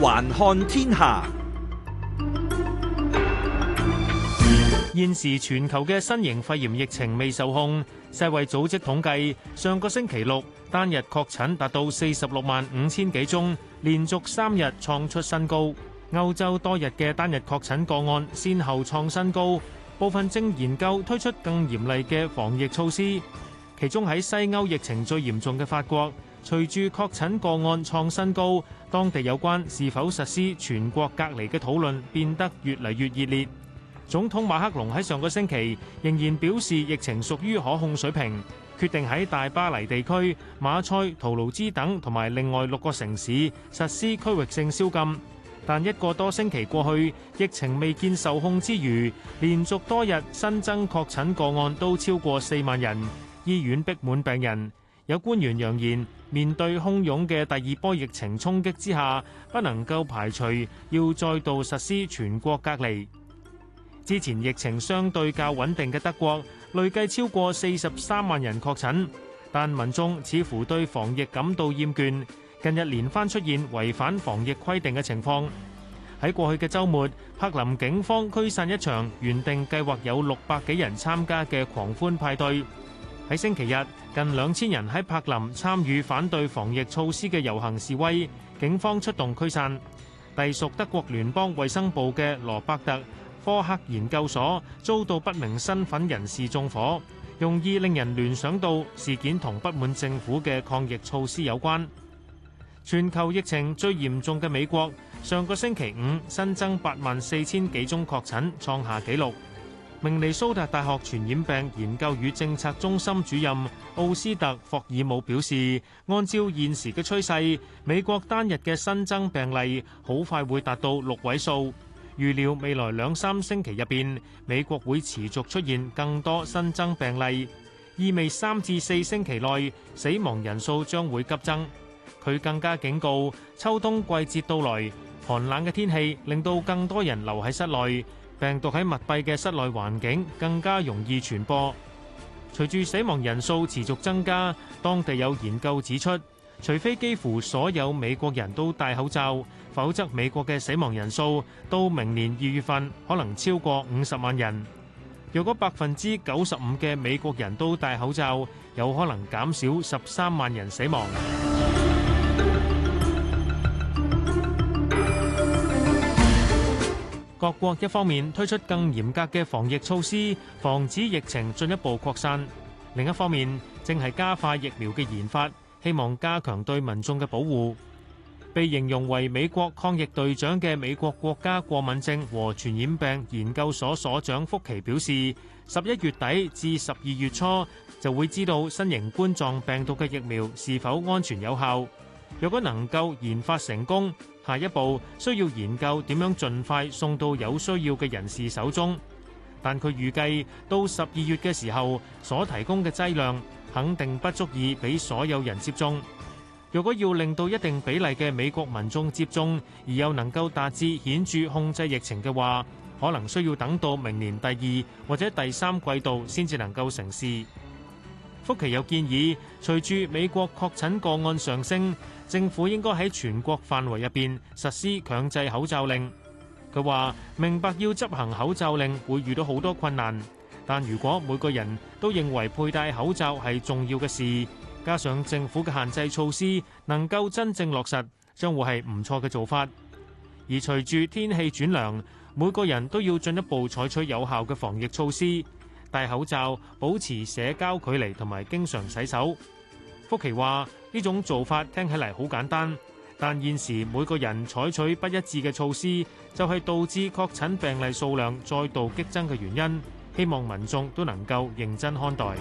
環看天下，現時全球嘅新型肺炎疫情未受控。世衛組織統計，上個星期六單日確診達到四十六萬五千幾宗，連續三日創出新高。歐洲多日嘅單日確診個案先後創新高，部分正研究推出更嚴厲嘅防疫措施。其中喺西歐疫情最嚴重嘅法國，隨住確診個案創新高，當地有關是否實施全國隔離嘅討論變得越嚟越熱烈。總統馬克龍喺上個星期仍然表示疫情屬於可控水平，決定喺大巴黎地區、馬賽、圖盧茲等同埋另外六個城市實施區域性宵禁。但一個多星期過去，疫情未見受控之餘，連續多日新增確診個案都超過四萬人。醫院逼滿病人，有官員揚言面對洶湧嘅第二波疫情衝擊之下，不能夠排除要再度實施全國隔離。之前疫情相對較穩定嘅德國累計超過四十三萬人確診，但民眾似乎對防疫感到厭倦，近日連番出現違反防疫規定嘅情況。喺過去嘅週末，柏林警方驅散一場原定計劃有六百幾人參加嘅狂歡派對。喺星期日，近兩千人喺柏林參與反對防疫措施嘅遊行示威，警方出動驅散。隸屬德國聯邦衛生部嘅羅伯特·科克研究所遭到不明身份人士縱火，容易令人聯想到事件同不滿政府嘅抗疫措施有關。全球疫情最嚴重嘅美國，上個星期五新增八萬四千幾宗確診，創下紀錄。明尼蘇達大學傳染病研究與政策中心主任奧斯特霍爾姆表示，按照現時嘅趨勢，美國單日嘅新增病例好快會達到六位數。預料未來兩三星期入邊，美國會持續出現更多新增病例，意味三至四星期內死亡人數將會急增。佢更加警告，秋冬季節到來。寒冷嘅天氣令到更多人留喺室內，病毒喺密閉嘅室內環境更加容易傳播。隨住死亡人數持續增加，當地有研究指出，除非幾乎所有美國人都戴口罩，否則美國嘅死亡人數到明年二月份可能超過五十萬人。若果百分之九十五嘅美國人都戴口罩，有可能減少十三萬人死亡。各國一方面推出更嚴格嘅防疫措施，防止疫情進一步擴散；另一方面，正係加快疫苗嘅研發，希望加強對民眾嘅保護。被形容為美國抗疫隊長嘅美國國家過敏症和傳染病研究所所長福奇表示：十一月底至十二月初就會知道新型冠狀病毒嘅疫苗是否安全有效。若果能夠研發成功，下一步需要研究點樣盡快送到有需要嘅人士手中，但佢預計到十二月嘅時候所提供嘅劑量肯定不足以俾所有人接種。如果要令到一定比例嘅美國民眾接種而又能夠達至顯著控制疫情嘅話，可能需要等到明年第二或者第三季度先至能夠成事。福奇有建議，隨住美國確診個案上升，政府應該喺全國範圍入邊實施強制口罩令。佢話：明白要執行口罩令會遇到好多困難，但如果每個人都認為佩戴口罩係重要嘅事，加上政府嘅限制措施能夠真正落實，將會係唔錯嘅做法。而隨住天氣轉涼，每個人都要進一步採取有效嘅防疫措施。戴口罩、保持社交距離同埋經常洗手。福奇話：呢種做法聽起嚟好簡單，但現時每個人採取不一致嘅措施，就係導致確診病例數量再度激增嘅原因。希望民眾都能夠認真看待。